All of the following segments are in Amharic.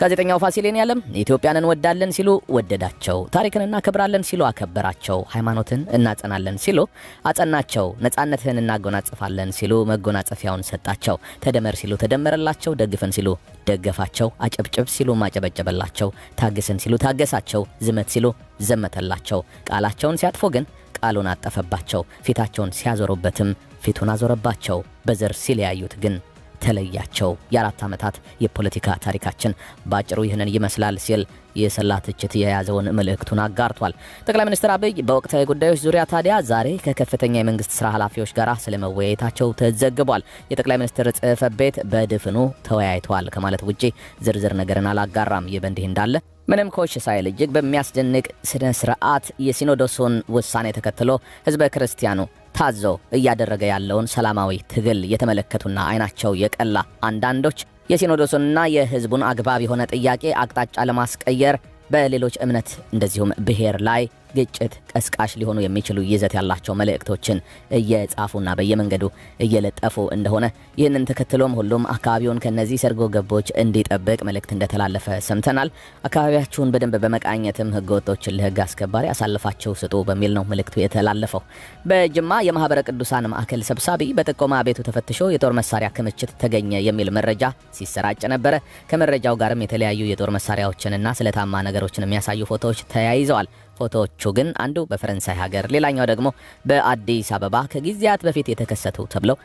ጋዜጠኛው ፋሲሌን ያለም ኢትዮጵያን እንወዳለን ሲሉ ወደዳቸው፣ ታሪክን እናከብራለን ሲሉ አከበራቸው፣ ሃይማኖትን እናጸናለን ሲሉ አጸናቸው፣ ነጻነትህን እናጎናጽፋለን ሲሉ መጎናጸፊያውን ሰጣቸው፣ ተደመር ሲሉ ተደመረላቸው፣ ደግፈን ሲሉ ደገፋቸው፣ አጨብጭብ ሲሉ ማጨበጨበላቸው፣ ታግስን ሲሉ ታገሳቸው፣ ዝመት ሲሉ ዘመተላቸው። ቃላቸውን ሲያጥፎ ግን ቃሉን አጠፈባቸው፣ ፊታቸውን ሲያዞሩበትም ፊቱን አዞረባቸው፣ በዘር ሲለያዩት ግን ተለያቸው። የአራት ዓመታት የፖለቲካ ታሪካችን በአጭሩ ይህንን ይመስላል ሲል የሰላ ትችት የያዘውን መልእክቱን አጋርቷል። ጠቅላይ ሚኒስትር አብይ በወቅታዊ ጉዳዮች ዙሪያ ታዲያ ዛሬ ከከፍተኛ የመንግስት ስራ ኃላፊዎች ጋር ስለመወያየታቸው ተዘግቧል። የጠቅላይ ሚኒስትር ጽህፈት ቤት በድፍኑ ተወያይተዋል ከማለት ውጪ ዝርዝር ነገርን አላጋራም። ይህ በእንዲህ እንዳለ ምንም ኮሽ ሳይል እጅግ በሚያስደንቅ ስነ ስርዓት የሲኖዶሱን ውሳኔ ተከትሎ ህዝበ ክርስቲያኑ ታዘው እያደረገ ያለውን ሰላማዊ ትግል የተመለከቱና አይናቸው የቀላ አንዳንዶች የሲኖዶሱንና የሕዝቡን አግባብ የሆነ ጥያቄ አቅጣጫ ለማስቀየር በሌሎች እምነት እንደዚሁም ብሔር ላይ ግጭት ቀስቃሽ ሊሆኑ የሚችሉ ይዘት ያላቸው መልእክቶችን እየጻፉና በየመንገዱ እየለጠፉ እንደሆነ ይህንን ተከትሎም ሁሉም አካባቢውን ከነዚህ ሰርጎ ገቦች እንዲጠብቅ መልእክት እንደተላለፈ ሰምተናል። አካባቢያችሁን በደንብ በመቃኘትም ህገወጦችን ለህግ አስከባሪ አሳልፋቸው ስጡ በሚል ነው መልእክቱ የተላለፈው። በጅማ የማህበረ ቅዱሳን ማዕከል ሰብሳቢ በጥቆማ ቤቱ ተፈትሾ የጦር መሳሪያ ክምችት ተገኘ የሚል መረጃ ሲሰራጭ ነበረ። ከመረጃው ጋርም የተለያዩ የጦር መሳሪያዎችንና ስለታማ ነገሮችን የሚያሳዩ ፎቶዎች ተያይዘዋል። ፎቶዎቹ ግን አንዱ በፈረንሳይ ሀገር፣ ሌላኛው ደግሞ በአዲስ አበባ ከጊዜያት በፊት የተከሰቱ ተብለው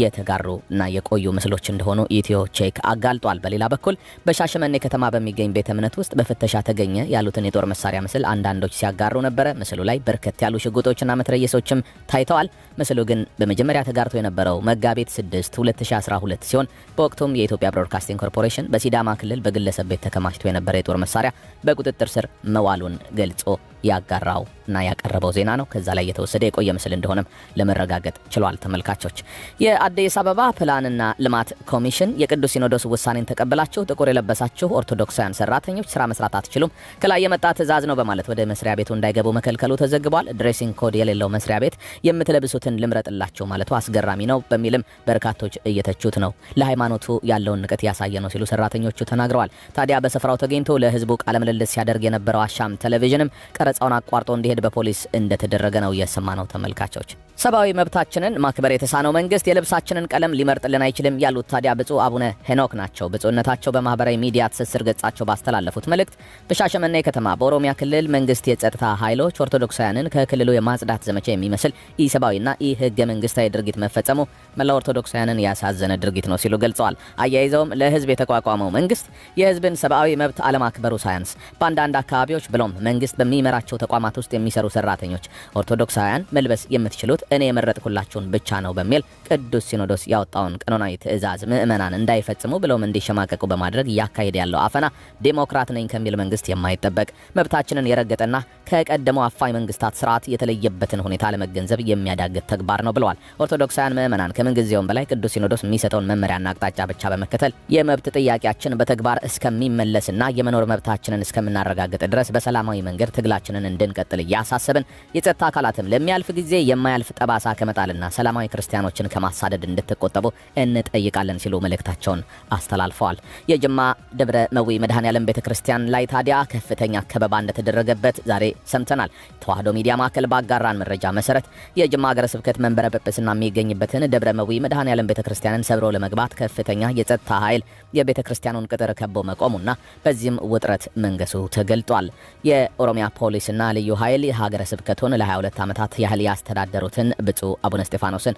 የተጋሩ እና የቆዩ ምስሎች እንደሆኑ ኢትዮ ቼክ አጋልጧል። በሌላ በኩል በሻሸመኔ ከተማ በሚገኝ ቤተ እምነት ውስጥ በፍተሻ ተገኘ ያሉትን የጦር መሳሪያ ምስል አንዳንዶች ሲያጋሩ ነበረ። ምስሉ ላይ በርከት ያሉ ሽጉጦችና መትረየሶችም ታይተዋል። ምስሉ ግን በመጀመሪያ ተጋርቶ የነበረው መጋቢት 6 2012 ሲሆን በወቅቱም የኢትዮጵያ ብሮድካስቲንግ ኮርፖሬሽን በሲዳማ ክልል በግለሰብ ቤት ተከማችቶ የነበረ የጦር መሳሪያ በቁጥጥር ስር መዋሉን ገልጾ ያጋራው እና ያቀረበው ዜና ነው። ከዛ ላይ የተወሰደ የቆየ ምስል እንደሆነም ለመረጋገጥ ችሏል። ተመልካቾች፣ የአዲስ አበባ ፕላንና ልማት ኮሚሽን የቅዱስ ሲኖዶስ ውሳኔን ተቀብላችሁ ጥቁር የለበሳችሁ ኦርቶዶክሳውያን ሰራተኞች ስራ መስራት አትችሉም፣ ከላይ የመጣ ትእዛዝ ነው በማለት ወደ መስሪያ ቤቱ እንዳይገቡ መከልከሉ ተዘግቧል። ድሬሲንግ ኮድ የሌለው መስሪያ ቤት የምትለብሱትን ልምረጥላቸው ማለቱ አስገራሚ ነው በሚልም በርካቶች እየተቹት ነው። ለሃይማኖቱ ያለውን ንቀት ያሳየ ነው ሲሉ ሰራተኞቹ ተናግረዋል። ታዲያ በስፍራው ተገኝቶ ለህዝቡ ቃለምልልስ ሲያደርግ የነበረው አሻም ቴሌቪዥንም ቀረጻውን አቋርጦ እንዲሄድ በፖሊስ እንደተደረገ ነው የሰማነው። ተመልካቾች ሰብአዊ መብታችንን ማክበር የተሳነው መንግስት የልብሳችንን ቀለም ሊመርጥልን አይችልም ያሉት ታዲያ ብፁዕ አቡነ ሄኖክ ናቸው። ብፁዕነታቸው በማህበራዊ ሚዲያ ትስስር ገጻቸው ባስተላለፉት መልእክት በሻሸመኔ ከተማ በኦሮሚያ ክልል መንግስት የጸጥታ ኃይሎች ኦርቶዶክሳውያንን ከክልሉ የማጽዳት ዘመቻ የሚመስል ኢ ሰብአዊና ኢ ህገ መንግስታዊ ድርጊት መፈጸሙ መላ ኦርቶዶክሳውያንን ያሳዘነ ድርጊት ነው ሲሉ ገልጸዋል። አያይዘውም ለህዝብ የተቋቋመው መንግስት የህዝብን ሰብአዊ መብት አለማክበሩ ሳያንስ በአንዳንድ አካባቢዎች ብሎም መንግስት በሚመራቸው ተቋማት ውስጥ የሚሰሩ ሰራተኞች ኦርቶዶክሳውያን መልበስ የምትችሉት እኔ የመረጥኩላችሁን ብቻ ነው በሚል ቅዱስ ሲኖዶስ ያወጣውን ቀኖናዊ ትእዛዝ ምዕመናን እንዳይፈጽሙ ብለውም እንዲሸማቀቁ በማድረግ እያካሄደ ያለው አፈና ዴሞክራት ነኝ ከሚል መንግስት የማይጠበቅ መብታችንን የረገጠና ከቀደመው አፋኝ መንግስታት ስርዓት የተለየበትን ሁኔታ ለመገንዘብ የሚያዳግት ተግባር ነው ብለዋል። ኦርቶዶክሳውያን ምዕመናን ከምንጊዜውም በላይ ቅዱስ ሲኖዶስ የሚሰጠውን መመሪያና አቅጣጫ ብቻ በመከተል የመብት ጥያቄያችን በተግባር እስከሚመለስና የመኖር መብታችንን እስከምናረጋግጥ ድረስ በሰላማዊ መንገድ ትግላችንን እንድንቀጥል እያሳሰብን የጸጥታ አካላትም ለሚያልፍ ጊዜ የማያልፍ ጠባሳ ከመጣልና ሰላማዊ ክርስቲያኖችን ከማሳደድ እንድትቆጠቡ እንጠይቃለን ሲሉ መልእክታቸውን አስተላልፈዋል። የጅማ ደብረ መዊ መድኃኔ ያለም ቤተ ክርስቲያን ላይ ታዲያ ከፍተኛ ከበባ እንደተደረገበት ዛሬ ሰምተናል። ተዋህዶ ሚዲያ ማዕከል ባጋራን መረጃ መሰረት የጅማ ሀገረ ስብከት መንበረ ጵጵስና የሚገኝበትን ደብረ መዊ መድኃኔ ዓለም ቤተ ክርስቲያንን ሰብሮ ለመግባት ከፍተኛ የጸጥታ ኃይል የቤተ ክርስቲያኑን ቅጥር ከቦ መቆሙና በዚህም ውጥረት መንገሱ ተገልጧል። የኦሮሚያ ፖሊስና ልዩ ኃይል ሀገረ ስብከቱን ለ22 ዓመታት ያህል ያስተዳደሩትን ብፁዕ አቡነ ስጢፋኖስን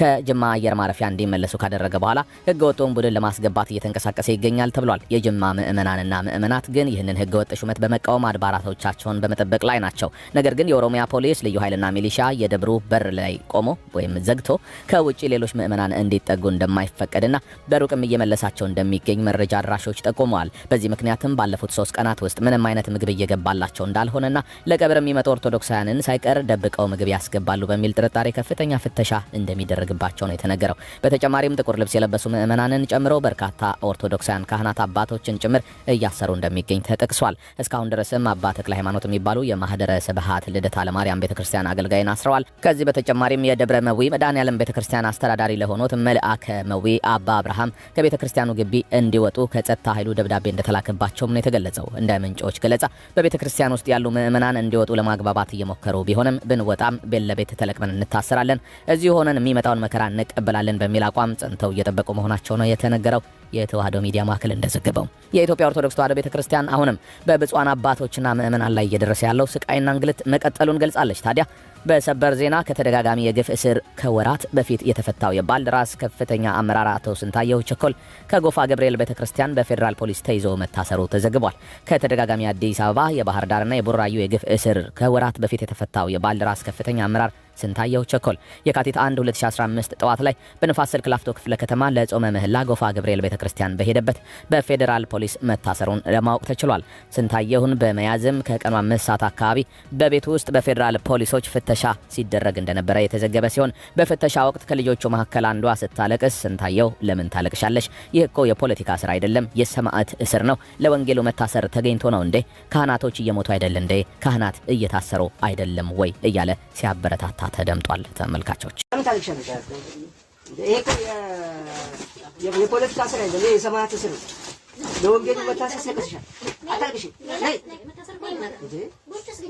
ከጅማ አየር ማረፊያ እንዲመለሱ ካደረገ በኋላ ህገወጡን ቡድን ለማስገባት እየተንቀሳቀሰ ይገኛል ተብሏል። የጅማ ምዕመናንና ምዕመናት ግን ይህንን ህገወጥ ሹመት በመቃወም አድባራቶቻቸውን በመጠበቅ ላይ ናቸው። ነገር ግን የኦሮሚያ ፖሊስ ልዩ ኃይልና ሚሊሻ የደብሩ በር ላይ ቆሞ ወይም ዘግቶ ከውጭ ሌሎች ምዕመናን እንዲጠጉ እንደማይፈቀድና በሩቅም እየመለሳቸው እንደሚገኝ መረጃ አድራሾች ጠቁመዋል። በዚህ ምክንያትም ባለፉት ሶስት ቀናት ውስጥ ምንም አይነት ምግብ እየገባላቸው እንዳልሆነና ለቀብር የሚመጡ ኦርቶዶክሳውያንን ሳይቀር ደብቀው ምግብ ያስገባሉ በሚል ጥርጣሬ ከፍተኛ ፍተሻ እንደሚደረግ እንደሚደረግባቸው ነው የተነገረው። በተጨማሪም ጥቁር ልብስ የለበሱ ምዕመናንን ጨምሮ በርካታ ኦርቶዶክሳውያን ካህናት አባቶችን ጭምር እያሰሩ እንደሚገኝ ተጠቅሷል። እስካሁን ድረስም አባ ተክለ ሃይማኖት የሚባሉ የማህደረ ስብሃት ልደታ ለማርያም ቤተክርስቲያን አገልጋይን አስረዋል። ከዚህ በተጨማሪም የደብረ መዊ መድኃኔዓለም ቤተክርስቲያን አስተዳዳሪ ለሆኑት መልአከ መዊ አባ አብርሃም ከቤተክርስቲያኑ ግቢ እንዲወጡ ከጸጥታ ኃይሉ ደብዳቤ እንደተላከባቸውም ነው የተገለጸው። እንደ ምንጮች ገለጻ በቤተክርስቲያን ውስጥ ያሉ ምዕመናን እንዲወጡ ለማግባባት እየሞከሩ ቢሆንም ብንወጣም ቤት ለቤት ተለቅመን እንታሰራለን፣ እዚሁ ሆነን የሚመጣው የሚመጣውን መከራ እንቀበላለን በሚል አቋም ጸንተው እየጠበቁ መሆናቸው ነው የተነገረው። የተዋህዶ ሚዲያ ማዕከል እንደዘገበው የኢትዮጵያ ኦርቶዶክስ ተዋህዶ ቤተ ክርስቲያን አሁንም በብፁዓን አባቶችና ምእመናን ላይ እየደረሰ ያለው ስቃይና እንግልት መቀጠሉን ገልጻለች። ታዲያ በሰበር ዜና ከተደጋጋሚ የግፍ እስር ከወራት በፊት የተፈታው የባልደራስ ከፍተኛ አመራር አቶ ስንታየሁ ቸኮል ከጎፋ ገብርኤል ቤተ ክርስቲያን በፌዴራል ፖሊስ ተይዞ መታሰሩ ተዘግቧል። ከተደጋጋሚ አዲስ አበባ፣ የባህር ዳርና የቡራዩ የግፍ እስር ከወራት በፊት የተፈታው የባልደራስ ከፍተኛ አመራር ስንታየሁ ቸኮል የካቲት 1 2015 ጠዋት ላይ በንፋስ ስልክ ላፍቶ ክፍለ ከተማ ለጾመ ምህላ ጎፋ ገብርኤል ቤተ ክርስቲያን በሄደበት በፌዴራል ፖሊስ መታሰሩን ለማወቅ ተችሏል። ስንታየሁን በመያዝም ከቀኑ አምስት ሰዓት አካባቢ በቤቱ ውስጥ በፌዴራል ፖሊሶች ፍተሻ ፍተሻ ሲደረግ እንደነበረ የተዘገበ ሲሆን በፍተሻ ወቅት ከልጆቹ መካከል አንዷ ስታለቅስ ስንታየው ለምን ታለቅሻለሽ? ይህ እኮ የፖለቲካ ስራ አይደለም፣ የሰማዕት እስር ነው። ለወንጌሉ መታሰር ተገኝቶ ነው እንዴ? ካህናቶች እየሞቱ አይደል እንዴ? ካህናት እየታሰሩ አይደለም ወይ? እያለ ሲያበረታታ ተደምጧል። ተመልካቾች የፖለቲካ ስራ አይደለም፣ የሰማዕት መታሰር አታልቅሽ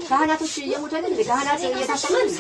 ካህናቶች እየሞተልን ካህናት እየታሰበን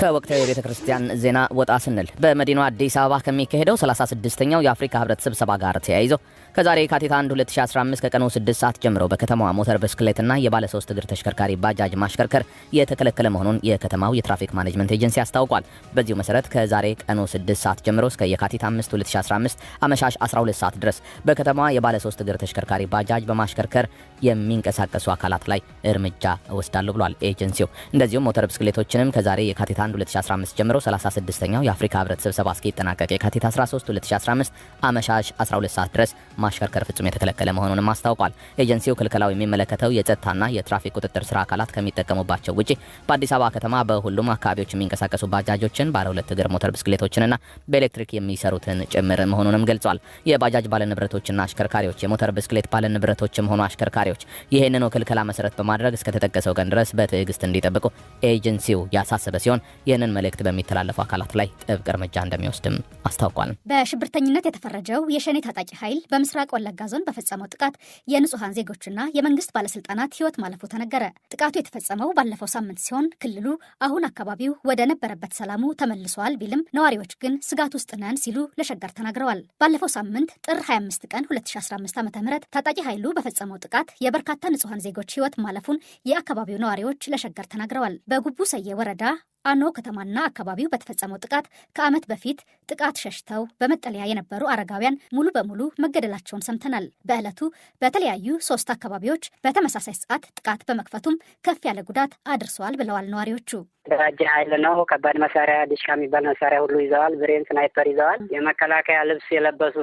ከወቅታዊ የቤተ ክርስቲያን ዜና ወጣ ስንል በመዲናዋ አዲስ አበባ ከሚካሄደው 36ኛው የአፍሪካ ህብረት ስብሰባ ጋር ተያይዞ ከዛሬ የካቲት 1 2015 ከቀኑ 6 ሰዓት ጀምሮ በከተማዋ ሞተር ብስክሌትና የባለ ሶስት እግር ተሽከርካሪ ባጃጅ ማሽከርከር የተከለከለ መሆኑን የከተማው የትራፊክ ማኔጅመንት ኤጀንሲ አስታውቋል። በዚሁ መሰረት ከዛሬ ቀኑ 6 ሰዓት ጀምሮ እስከ የካቲት 5 2015 አመሻሽ 12 ሰዓት ድረስ በከተማዋ የባለ ሶስት እግር ተሽከርካሪ ባጃጅ በማሽከርከር የሚንቀሳቀሱ አካላት ላይ እርምጃ እወስዳለሁ ብሏል ኤጀንሲው። እንደዚሁም ሞተር ብስክሌቶች ጥናቶችንም ከዛሬ የካቲት 1 2015 ጀምሮ 36ኛው የአፍሪካ ህብረት ስብሰባ እስኪጠናቀቅ የካቲት 13 2015 አመሻሽ 12 ሰዓት ድረስ ማሽከርከር ፍጹም የተከለከለ መሆኑንም አስታውቋል። ኤጀንሲው ክልከላው የሚመለከተው የጸጥታና የትራፊክ ቁጥጥር ስራ አካላት ከሚጠቀሙባቸው ውጪ በአዲስ አበባ ከተማ በሁሉም አካባቢዎች የሚንቀሳቀሱ ባጃጆችን፣ ባለ ሁለት እግር ሞተር ብስክሌቶችንና በኤሌክትሪክ የሚሰሩትን ጭምር መሆኑንም ገልጿል። የባጃጅ ባለንብረቶችና አሽከርካሪዎች፣ የሞተር ብስክሌት ባለንብረቶችም ሆኑ አሽከርካሪዎች ይህንኑ ክልከላ መሰረት በማድረግ እስከተጠቀሰው ቀን ድረስ በትዕግስት እንዲጠብቁ ኤጀንሲው ፓርቲው ያሳሰበ ሲሆን ይህንን መልእክት በሚተላለፉ አካላት ላይ ጥብቅ እርምጃ እንደሚወስድም አስታውቋል። በሽብርተኝነት የተፈረጀው የሸኔ ታጣቂ ኃይል በምስራቅ ወለጋ ዞን በፈጸመው ጥቃት የንጹሐን ዜጎችና የመንግስት ባለስልጣናት ህይወት ማለፉ ተነገረ። ጥቃቱ የተፈጸመው ባለፈው ሳምንት ሲሆን ክልሉ አሁን አካባቢው ወደ ነበረበት ሰላሙ ተመልሷል ቢልም ነዋሪዎች ግን ስጋት ውስጥ ነን ሲሉ ለሸገር ተናግረዋል። ባለፈው ሳምንት ጥር 25 ቀን 2015 ዓ ም ታጣቂ ኃይሉ በፈጸመው ጥቃት የበርካታ ንጹሐን ዜጎች ህይወት ማለፉን የአካባቢው ነዋሪዎች ለሸገር ተናግረዋል። በጉቡ ሰ ఎవరదా አኖ ከተማና አካባቢው በተፈጸመው ጥቃት ከዓመት በፊት ጥቃት ሸሽተው በመጠለያ የነበሩ አረጋውያን ሙሉ በሙሉ መገደላቸውን ሰምተናል። በዕለቱ በተለያዩ ሶስት አካባቢዎች በተመሳሳይ ሰዓት ጥቃት በመክፈቱም ከፍ ያለ ጉዳት አድርሰዋል ብለዋል ነዋሪዎቹ። ደራጀ ኃይል ነው። ከባድ መሳሪያ ዲሽካ የሚባል መሳሪያ ሁሉ ይዘዋል። ብሬን፣ ስናይፐር ይዘዋል። የመከላከያ ልብስ የለበሱ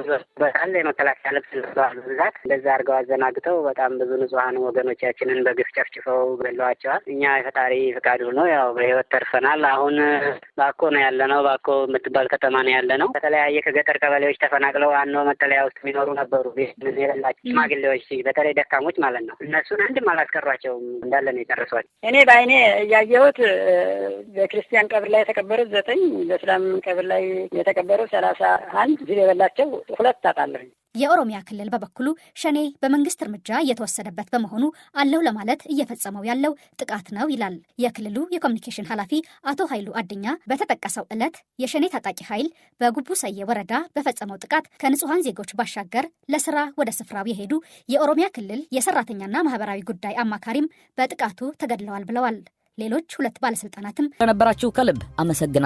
በጣል የመከላከያ ልብስ ለብሰዋል። ብዛት እንደዛ አድርገው አዘናግተው በጣም ብዙ ንጹሐን ወገኖቻችንን በግፍ ጨፍጭፈው ገለዋቸዋል። እኛ የፈጣሪ ፍቃዱ ነው ያው በህይወት ተርፈናል። ተፈናቅለናል። አሁን ባኮ ነው ያለ ነው። ባኮ የምትባል ከተማ ነው ያለ ነው። ከተለያየ ከገጠር ቀበሌዎች ተፈናቅለው ዋና መጠለያ ውስጥ የሚኖሩ ነበሩ። የሌላቸው ሽማግሌዎች፣ በተለይ ደካሞች ማለት ነው። እነሱን አንድም አላስቀሯቸውም። እንዳለ ነው የጨረሷቸው። እኔ በአይኔ እያየሁት በክርስቲያን ቀብር ላይ የተቀበሩት ዘጠኝ፣ በእስላም ቀብር ላይ የተቀበሩ ሰላሳ አንድ ጊዜ የበላቸው ሁለት አጣለሁኝ የኦሮሚያ ክልል በበኩሉ ሸኔ በመንግስት እርምጃ እየተወሰደበት በመሆኑ አለው ለማለት እየፈጸመው ያለው ጥቃት ነው ይላል። የክልሉ የኮሚኒኬሽን ኃላፊ አቶ ኃይሉ አድኛ በተጠቀሰው ዕለት የሸኔ ታጣቂ ኃይል በጉቡ ሰየ ወረዳ በፈጸመው ጥቃት ከንጹሐን ዜጎች ባሻገር ለስራ ወደ ስፍራው የሄዱ የኦሮሚያ ክልል የሰራተኛና ማህበራዊ ጉዳይ አማካሪም በጥቃቱ ተገድለዋል ብለዋል። ሌሎች ሁለት ባለስልጣናትም ለነበራችሁ ከልብ አመሰግናል።